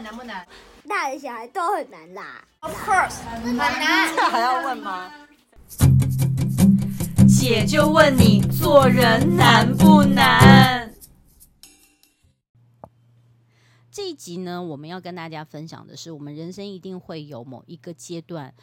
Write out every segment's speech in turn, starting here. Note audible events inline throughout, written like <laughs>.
難不難？大人小孩都很難啦。Of course，難。還要問嗎？姐就問你做人難不難？這一集呢，我們要跟大家分享的是，我們人生一定會有某一個階段，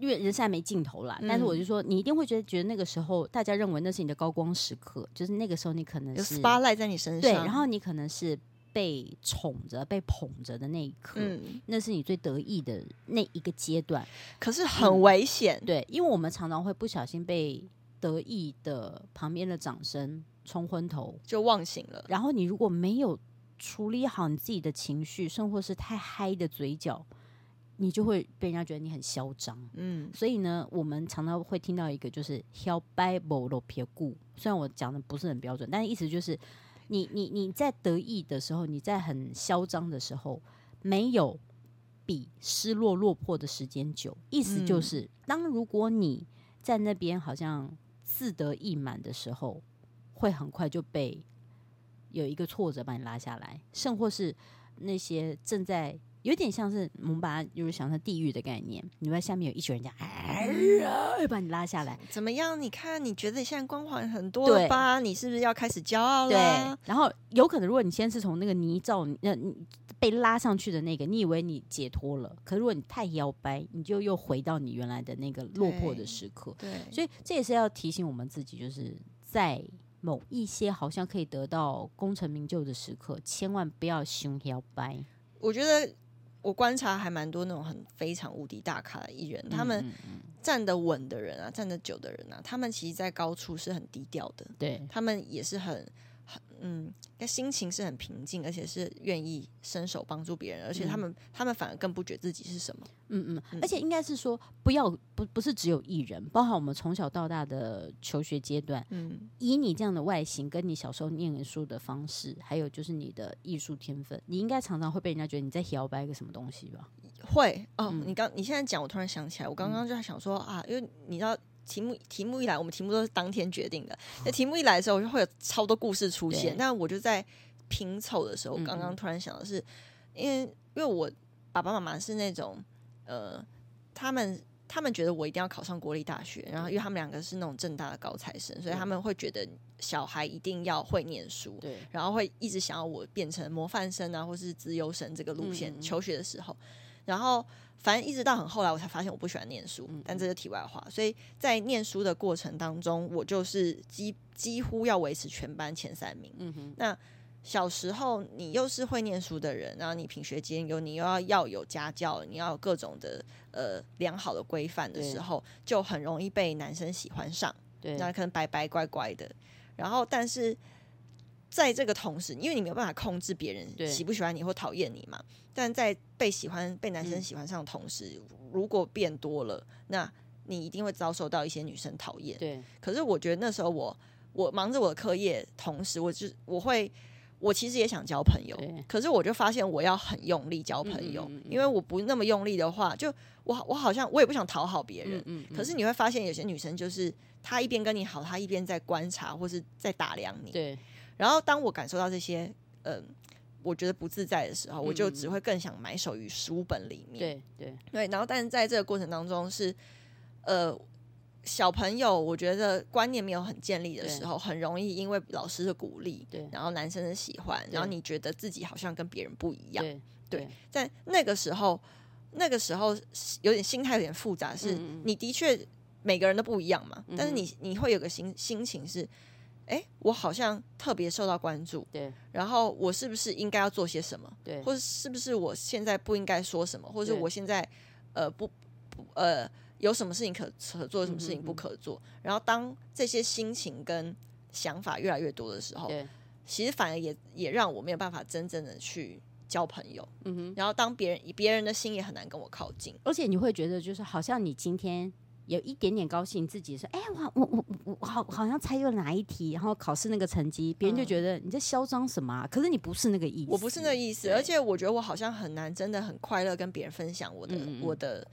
因為人在沒盡頭啦。嗯、但是我就說，你一定會覺得，覺得那個時候大家認為那是你的高光時刻，就是那個時候你可能 有 s p 在你身上，對，然後你可能是。被寵着、被捧着的那一刻，嗯、那是你最得意的那一個階段，可是很危險、嗯。對，因為我們常常會不小心被得意的旁邊的掌聲沖昏頭，就忘形了。然後你如果沒有處理好你自己的情緒，甚或是太嗨的嘴角，你就會被人家覺得你很囂張。嗯，所以呢，我們常常會聽到一個就是得意沒落魄久雖然我講的不是很標準，但是意思就是。你你你在得意的時候，你在很囂張的時候，沒有比失落落魄的時間久。意思就是，當如果你在那邊好像自得意滿的時候，會很快就被有一個挫折把你拉下來，甚或是那些正在。有點像是我們把它，就是想說地獄的概念。你把下面有一群人家哎呀，把你拉下來。怎麼樣？你看，你覺得你現在光環很多了吧？對你是不是要開始驕傲了對？然後有可能，如果你現在是從那個泥沼，那、呃、你被拉上去的那個，你以為你解脫了，可是如果你太搖擺，你就又回到你原來的那個落魄的時刻。對，對所以這也是要提醒我們自己，就是在某一些好像可以得到功成名就的時刻，千萬不要兇搖擺。我覺得。我觀察還蠻多那種很非常無敵大咖的藝人，他們站得穩的人啊，站得久的人啊，他們其實在高處是很低調的，對他們也是很。嗯，那心情是很平靜，而且是願意伸手幫助別人，嗯、而且他們他們反而更不覺得自己是什麼。嗯嗯，嗯而且應該是說不要不不是只有藝人，包含我們從小到大的求學階段，嗯，以你這樣的外形，跟你小時候唸書的方式，還有就是你的藝術天分，你應該常常會被人家覺得你在搖擺一個什麼東西吧？會，哦，嗯、你剛你現在講，我突然想起來，我剛剛就在想說、嗯、啊，因為你知道。題目題目一來，我們題目都是當天決定的。那題目一來的時候，就會有超多故事出現。那對我就在拼湊的時候，剛剛突然想的是，因為、嗯嗯、因為我爸爸媽媽是那種呃，他們他們覺得我一定要考上國立大學，然後因為他們兩個是那種政大的高材生，所以他們會覺得小孩一定要會念書，對，然後會一直想要我變成模範生啊，或是資優生這個路線。嗯嗯嗯，求學的時候，然後。反正一直到很後來，我才發現我不喜歡念書，但這是題外話。所以在念書的過程當中，我就是幾幾乎要維持全班前三名。嗯、哼那小時候你又是會念書的人，然後你品學兼優，你又要要有家教，你要有各種的呃良好的規範的時候，對就很容易被男生喜歡上。對，那可能白白乖乖的，然後但是。在這個同時，因為你沒有辦法控制別人喜不喜歡你或討厭你嘛，對但在被喜歡、被男生喜歡上的同時，嗯、如果變多了，那你一定會遭受到一些女生討厭。對。可是我覺得那時候我我忙着我的課業，同時我就是、我會我其實也想交朋友，對可是我就發現我要很用力交朋友，嗯嗯嗯嗯，因為我不那麼用力的話，就我我好像我也不想討好別人。嗯嗯嗯嗯，可是你會發現，有些女生就是她一邊跟你好，她一邊在觀察或是在打量你。對。然後，當我感受到這些，嗯、呃，我覺得不自在的時候，嗯嗯嗯我就只會更想埋首於書本裡面。對對對。然後，但是在這個過程當中是，是呃，小朋友我覺得觀念沒有很建立的時候，對很容易因為老師的鼓勵，對，然後男生的喜歡，對然後你覺得自己好像跟別人不一樣。對。在對那個時候，那個時候有點心態有點複雜，是你的確每個人都不一樣嘛。嗯嗯但是你你會有個心心情是，哎，我好像特別受到關注，對。然後我是不是應該要做些什麼？對，或者是,是不是我現在不應該說什麼？對或者我現在呃不,不呃有什麼事情可可做，什麼事情不可做？嗯哼哼，然後當這些心情跟想法越來越多的時候，對其實反而也也讓我沒有辦法真正的去交朋友，嗯哼。然後當別人別人的心也很難跟我靠近，而且你會覺得就是好像你今天。有一點點高興，自己說：“哎、欸，我我我我好好像猜對哪一題，然後考試那個成績，別人就覺得，嗯、你在囂張什麼啊？可是你不是那個意思，我不是那個意思，對而且我覺得我好像很難真的很快樂跟別人分享我的嗯嗯我的，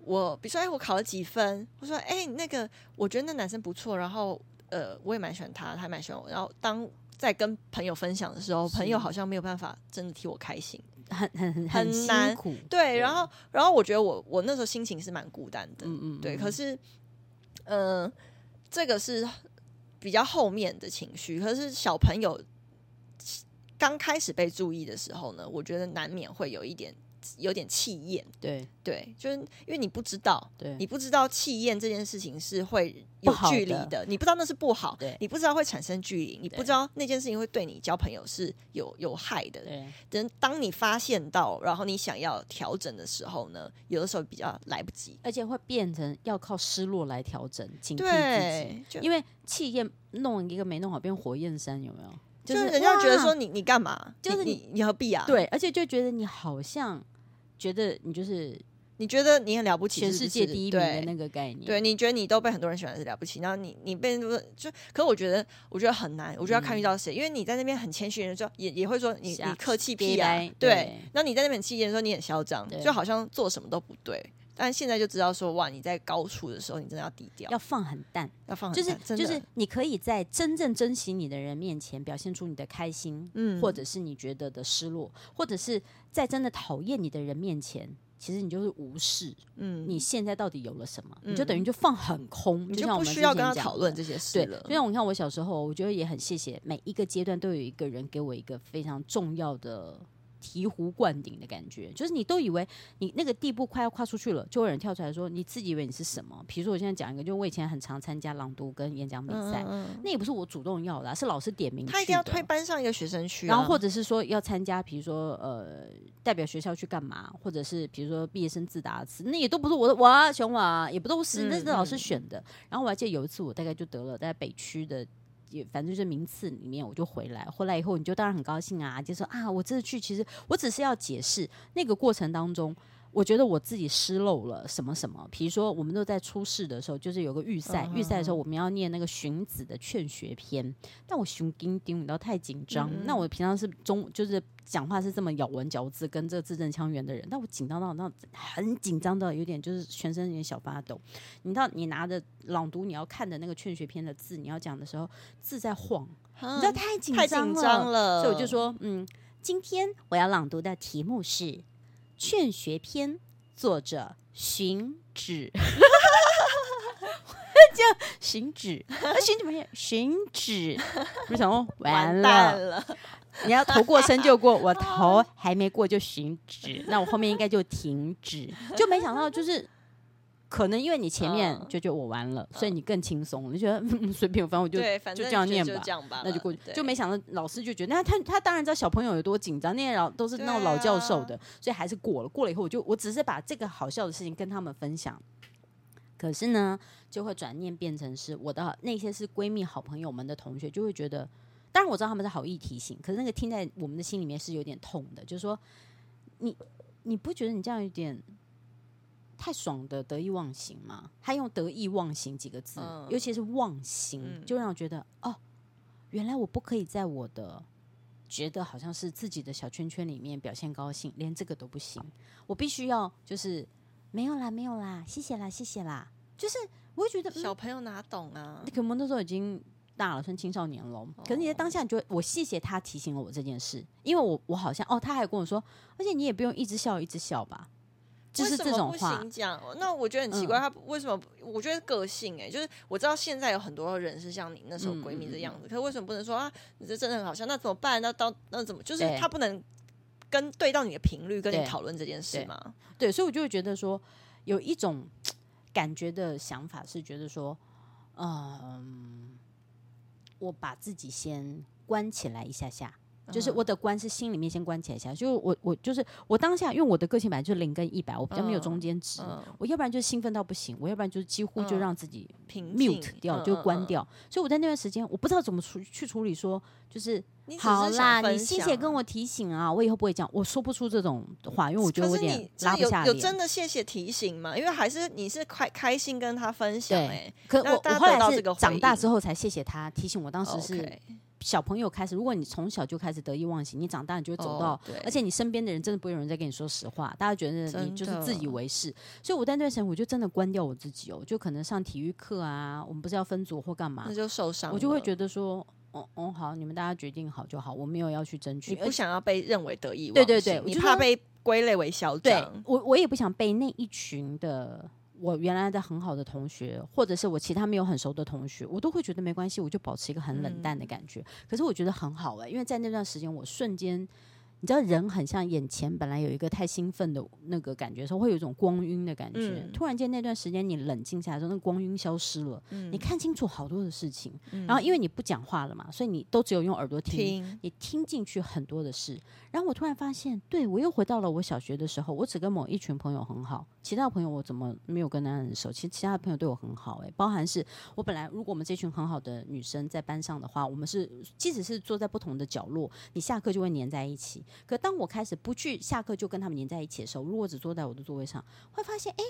我比如說哎、欸，我考了幾分，我說哎、欸，那個我覺得那男生不錯，然後呃，我也蠻喜歡他，他還蠻喜歡我，然後當。”在跟朋友分享的時候，朋友好像沒有辦法真的替我開心，很很很很難。很辛苦，對，對然後然後我覺得我我那時候心情是蠻孤單的，嗯，嗯，嗯，對。可是，嗯，呃，這個是比較後面的情緒。可是小朋友剛開始被注意的時候呢，我覺得難免會有一點。有點氣焰，對對，就是因為你不知道，你不知道氣焰這件事情是會有距離的，你不知道那是不好，對，你不知道會產生距離，你不知道那件事情會對你交朋友是有有害的。等當你發現到，然後你想要調整的時候呢，有的時候比較來不及，而且會變成要靠失落來調整，警惕自己，因為氣焰弄一個沒弄好變火焰山有沒有？就是人家覺得說你你幹嘛？就是你你何必啊？對，而且就覺得你好像。覺得你就是，你覺得你很了不起，全世界第一名的那個概念。對，你覺得你都被很多人喜歡是了不起，然後你你被，被就，可我覺得我覺得很難，我覺得要看遇到誰，嗯、因為你在那邊很謙虛，人也也會說你下你客氣屁啊，來對。那對你在那邊氣人的時候，你很囂張，對就好像做什麼都不對。但現在就知道說哇，你在高處的時候，你真的要低調，要放很淡，要放就是的就是你可以在真正珍惜你的人面前表現出你的開心，嗯，或者是你覺得的失落，或者是在真的討厭你的人面前，其實你就是無視，嗯，你現在到底有了什麼，嗯，你就等於就放很空，你就不需要跟他討論這些事了，對了。就像我看我小時候，我覺得也很謝謝每一個階段都有一個人給我一個非常重要的。醍醐灌頂的感覺，就是你都以為你那個地步快要跨出去了，就會有人跳出來說：“你自己以為你是什麼？”比如說，我現在講一個，就我以前很常參加朗讀跟演講比賽，嗯嗯那也不是我主動要的，啊，是老師點名。他一定要推班上一個學生去，啊，然後或者是說要參加，比如說呃，代表學校去幹嘛，或者是比如說畢業生自答詞，那也都不是我的我啊熊娃啊，也不都是，嗯、那是老師選的。然後我還記得有一次，我大概就得了在北區的。也反正就是名次裡面，我就回來。回來以後，你就當然很高興啊，就說啊，我這次去其實我只是要解釋那個過程當中。我覺得我自己失漏了什麼什麼，比如說我們都在初試的時候，就是有個預賽，預賽、uh huh. 的時候我們要念那個荀子的《勸學篇》，但我胸驚驚，你知道太緊張。Mm hmm. 那我平常是中，就是講話是這麼咬文嚼字，跟這字正腔圓的人，但我緊張到那很緊張到有點就是全身有點小發抖。你知道，你拿着朗讀你要看的那個《勸學篇》的字，你要講的時候字在晃，uh huh. 你知道太緊張了。了所以我就說，嗯，今天我要朗讀的題目是。《勸學篇》作者荀子，叫荀子，荀 <laughs> 子不是荀子。我想哦，完了，完蛋了，你要頭過身就過， <laughs> 我頭還沒過就荀子，那我後面應該就停止， <laughs> 就沒想到就是。可能因為你前面就覺得我完了，嗯、所以你更輕鬆，嗯、你覺得隨便，反正我就對就這樣念吧，就那就過去。對就沒想到老師就覺得，那他他當然知道小朋友有多緊張，那些老都是那種老教授的，啊、所以還是過了。過了以後，我就我只是把這個好笑的事情跟他們分享。可是呢，就會轉念變成是我的那些是閨蜜、好朋友們的同學，就會覺得，當然我知道他們是好意提醒，可是那個聽在我們的心裡面是有點痛的，就是說，你你不覺得你這樣有點？太爽的得意忘形嘛，他用得意忘形幾個字，嗯、尤其是忘形，就讓我覺得哦，原來我不可以在我的覺得好像是自己的小圈圈裡面表現高興，連這個都不行。我必須要就是、嗯、沒有啦，沒有啦，謝謝啦，謝謝啦。就是我會覺得、嗯、小朋友哪懂啊，你可能那時候已經大了，算青少年了。可是你在當下你就，你覺得我謝謝他提醒了我這件事，因為我我好像哦，他還跟我說，而且你也不用一直笑一直笑吧。就是這種話。那我覺得很奇怪，嗯、他為什麼？我覺得個性誒、欸，就是我知道現在有很多人是像你那時候閨蜜的樣子，嗯、可是為什麼不能說啊？你這真的很好笑，那怎麼辦？那到那怎麼？就是他不能跟，對，跟對到你的頻率，跟你討論這件事嗎對對？對，所以我就覺得說有一種感覺的想法是覺得說，嗯，我把自己先關起來一下下。就是我的關是心裡面先關起來，一下，嗯、就我我就是我當下，因為我的個性本來就是零跟一百，我比較沒有中間值。嗯嗯、我要不然就興奮到不行，我要不然就是幾乎就讓自己 mute 掉，平靜就關掉。嗯嗯、所以我在那段時間，我不知道怎麼處去處理說，說就是你是好啦，你謝謝跟我提醒啊，我以後不會講，我說不出這種話，因為我覺得我有點拉不下臉。有，有真的謝謝提醒嗎？因為還是你是開開心跟他分享、欸、可我大到這個我後來是長大之後才謝謝他提醒，我當時是。Okay 小朋友開始，如果你從小就開始得意忘形，你長大你就會走到，哦、而且你身邊的人真的不會有人再跟你說實話，大家覺得你就是自以為是。的所以我那段時間，我就真的關掉我自己哦，就可能上體育課啊，我們不是要分組或幹嘛，那就受傷。我就會覺得說，哦哦好，你們大家決定好就好，我沒有要去爭取，你不想要被認為得意忘形且對對對，我就你怕被歸類為囂張，我我也不想被那一群的。我原來的很好的同學，或者是我其他沒有很熟的同學，我都會覺得沒關係，我就保持一個很冷淡的感覺。嗯。可是我覺得很好哎、欸，因為在那段時間我瞬間。你知道人很像眼前本來有一個太興奮的那個感覺時候，會有一種光暈的感覺。嗯、突然間那段時間你冷靜下來之後，那光暈消失了，嗯、你看清楚好多的事情。嗯、然後因為你不講話了嘛，所以你都只有用耳朵聽，聽你聽進去很多的事。然後我突然發現，對，我又回到了我小學的時候。我只跟某一群朋友很好，其他的朋友我怎麼沒有跟他很熟？其實其他的朋友對我很好、欸，誒，包含是我本來如果我們這群很好的女生在班上的話，我們是即使是坐在不同的角落，你下課就會粘在一起。可當我開始不去下課就跟他們黏在一起的時候，我如果只坐在我的座位上，會發現，誒、欸，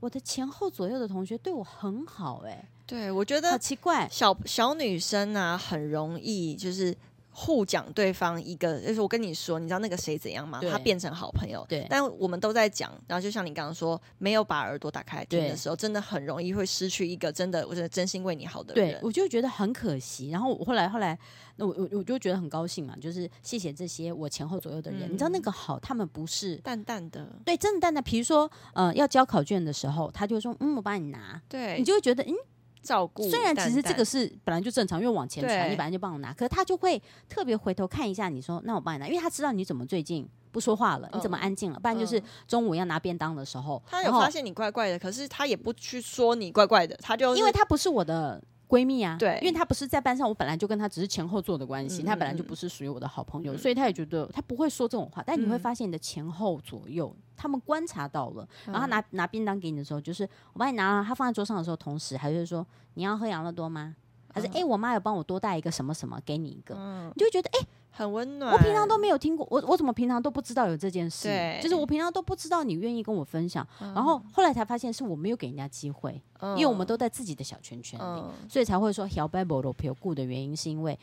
我的前後左右的同學對我很好、欸，誒，對我覺得好奇怪，小小女生啊，很容易就是。互講對方一個，就是我跟你說，你知道那個誰怎樣嗎？對他變成好朋友。對，但我們都在講，然後就像你剛剛說，沒有把耳朵打開聽的時候，對真的很容易會失去一個真的，我覺得真心為你好的人。對，我就覺得很可惜。然後我後來後來，那我我我就覺得很高興嘛，就是謝謝這些我前後左右的人。嗯、你知道那個好，他們不是淡淡的，對，真的淡淡。比如說，呃，要交考卷的時候，他就說，嗯，我幫你拿。對，你就會覺得，嗯。照顧，雖然其實這個是本來就正常，單單因為往前傳，對你本來就幫我拿，可是他就會特別回頭看一下，你說，那我幫你拿，因為他知道你怎麼最近不說話了，嗯、你怎麼安靜了，不然就是中午要拿便當的時候，嗯、後他有發現你怪怪的，可是他也不去說你怪怪的，他就是、因為他不是我的、閨蜜啊，對，因為她不是在班上，我本來就跟她只是前後座的關係，她、嗯、本來就不是屬於我的好朋友，嗯、所以她也覺得她不會說這種話。嗯、但你會發現，你的前後左右，他們觀察到了，嗯、然後拿拿便當給你的時候，就是我幫你拿了，她放在桌上的時候，同時還會說，你要喝養樂多嗎？還是哎、欸，我媽有幫我多帶一個什麼什麼給你一個，嗯、你就覺得哎、欸、很溫暖。我平常都沒有聽過，我我怎麼平常都不知道有這件事？對就是我平常都不知道你願意跟我分享，嗯、然後後來才發現是我沒有給人家機會，嗯、因為我們都在自己的小圈圈裡，嗯、所以才會說 help b o e o p l e good 的原因是因為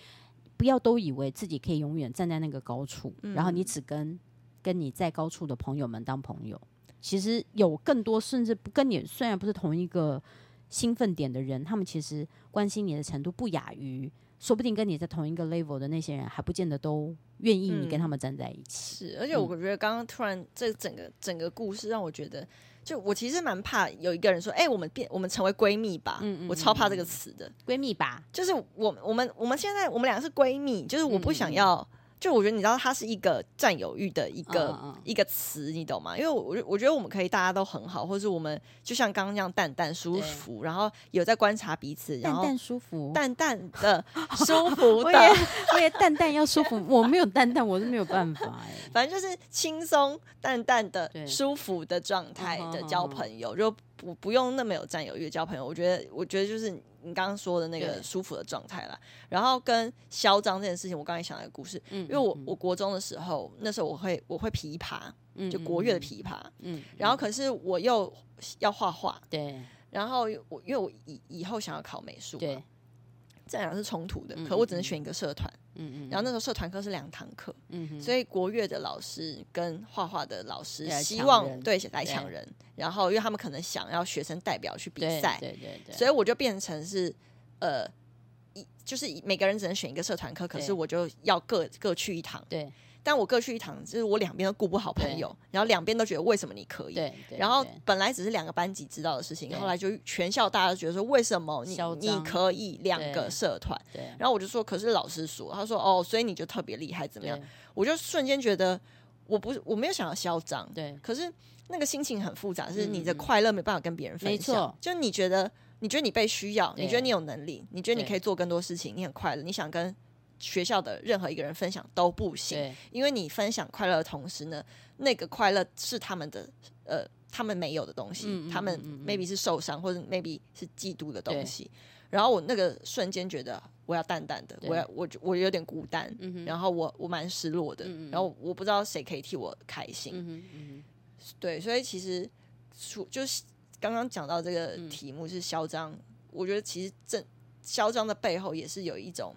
不要都以為自己可以永遠站在那個高處，嗯、然後你只跟跟你在高處的朋友們當朋友，其實有更多甚至不跟你雖然不是同一個。興奮點的人，他們其實關心你的程度不亞於，說不定跟你在同一個 level 的那些人，還不見得都願意你跟他們站在一起。嗯、是，而且我覺得剛剛突然這整個整個故事讓我覺得，就我其實蠻怕有一個人說：“哎、欸，我們變我們成為閨蜜吧。嗯嗯嗯嗯。”我超怕這個詞的閨蜜吧，就是我我們我們現在我們倆是閨蜜，就是我不想要。就我覺得你知道它是一個占有欲的一個嗯嗯一個詞，你懂嗎？因為我我覺得我們可以大家都很好，或是我們就像剛剛那樣淡淡舒服，對然後有在觀察彼此，淡淡舒服，淡淡的 <laughs> 舒服的，我也， <laughs> 我也，我也淡淡要舒服，對我沒有淡淡我是沒有辦法、欸，反正就是輕鬆淡淡的對舒服的狀態的交朋友、uh huh. 就。我不用那麼有佔有欲交朋友，我覺得我覺得就是你剛剛說的那個舒服的狀態啦。對然後跟囂張這件事情，我剛才想了一個故事，嗯，嗯，嗯，因為我我國中的時候，那時候我會我會琵琶，嗯，嗯，嗯，就國樂的琵琶，嗯，嗯，然後可是我又要畫畫，對，然後我因為我以以後想要考美術，對。這兩是衝突的，可我只能選一個社團。嗯,嗯嗯，然後那時候社團課是兩堂課。嗯哼所以國樂的老師跟畫畫的老師希望對來搶人，人對然後因為他們可能想要學生代表去比賽，對,對對對，所以我就變成是呃一就是每個人只能選一個社團課，可是我就要各各去一堂。對。但我各去一趟，就是我兩邊都顧不好朋友，然後兩邊都覺得為什麼你可以？然後本來只是兩個班級知道的事情，後來就全校大家都覺得說為什麼你你可以兩個社團？然後我就說可是老師說，他說哦，所以你就特別厲害怎麼樣？我就瞬間覺得我不是我沒有想要囂張，對，可是那個心情很複雜，是你的快樂沒辦法跟別人分享，就你覺得你覺得你被需要，你覺得你有能力，你覺得你可以做更多事情，你很快樂，你想跟。學校的任何一個人分享都不行，對因為你分享快樂的同時呢，那個快樂是他們的，呃，他們沒有的東西，嗯嗯嗯嗯嗯他們 maybe 是受傷或者 maybe 是嫉妒的東西。對然後我那個瞬間覺得我要淡淡的，對我要我我有點孤單，嗯嗯然後我我蠻失落的，嗯嗯然後我不知道誰可以替我開心。嗯嗯嗯嗯對，所以其實就是剛剛講到這個題目是囂張，嗯、我覺得其實這囂張的背後也是有一種。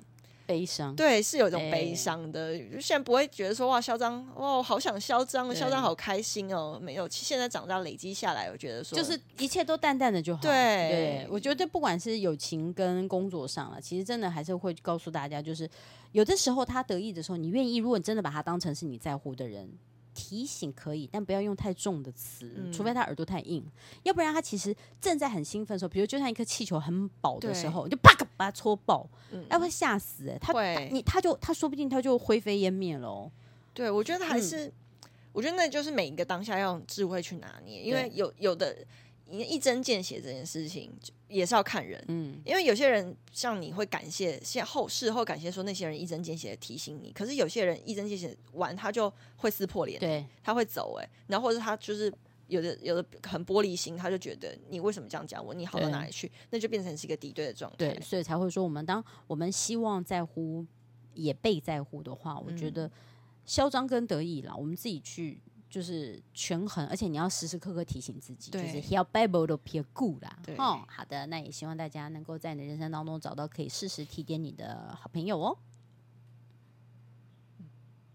悲傷，對，是有一種悲傷的，欸、就現在不會覺得說哇囂張，哇，哇好想囂張，囂張對好開心哦，沒有，其實現在長大累積下來，我覺得說就是一切都淡淡的就好。對，對，我覺得不管是友情跟工作上了、啊，其實真的還是會告訴大家，就是有的時候他得意的時候，你願意，如果你真的把他當成是你在乎的人。提醒可以，但不要用太重的詞，除非他耳朵太硬，嗯、要不然他其實正在很興奮的時候，比如就像一顆氣球很飽的時候，對你就啪把他戳爆，那會嚇死、欸，他會你他就他說不定他就灰飛煙滅了、哦。對，我覺得還是，嗯、我覺得那就是每一個當下要用智慧去拿捏，因為有有的一針見血這件事情。也是要看人，嗯，因為有些人像你會感謝先後事後感謝說那些人一針見血的提醒你，可是有些人一針見血完他就會撕破臉，對，他會走哎、欸，然後或者他就是有的有的很玻璃心，他就覺得你為什麼這樣講我，你好到哪裡去，對那就變成是一個敵對的狀態，所以才會說我們當我們希望在乎也被在乎的話，嗯、我覺得囂張跟得意啦，我們自己去。就是權衡，而且你要時時刻刻提醒自己，對就是 h e he'll Bible 都撇固啦。哦對，好的，那也希望大家能夠在你的人生當中找到可以適時提點你的好朋友哦。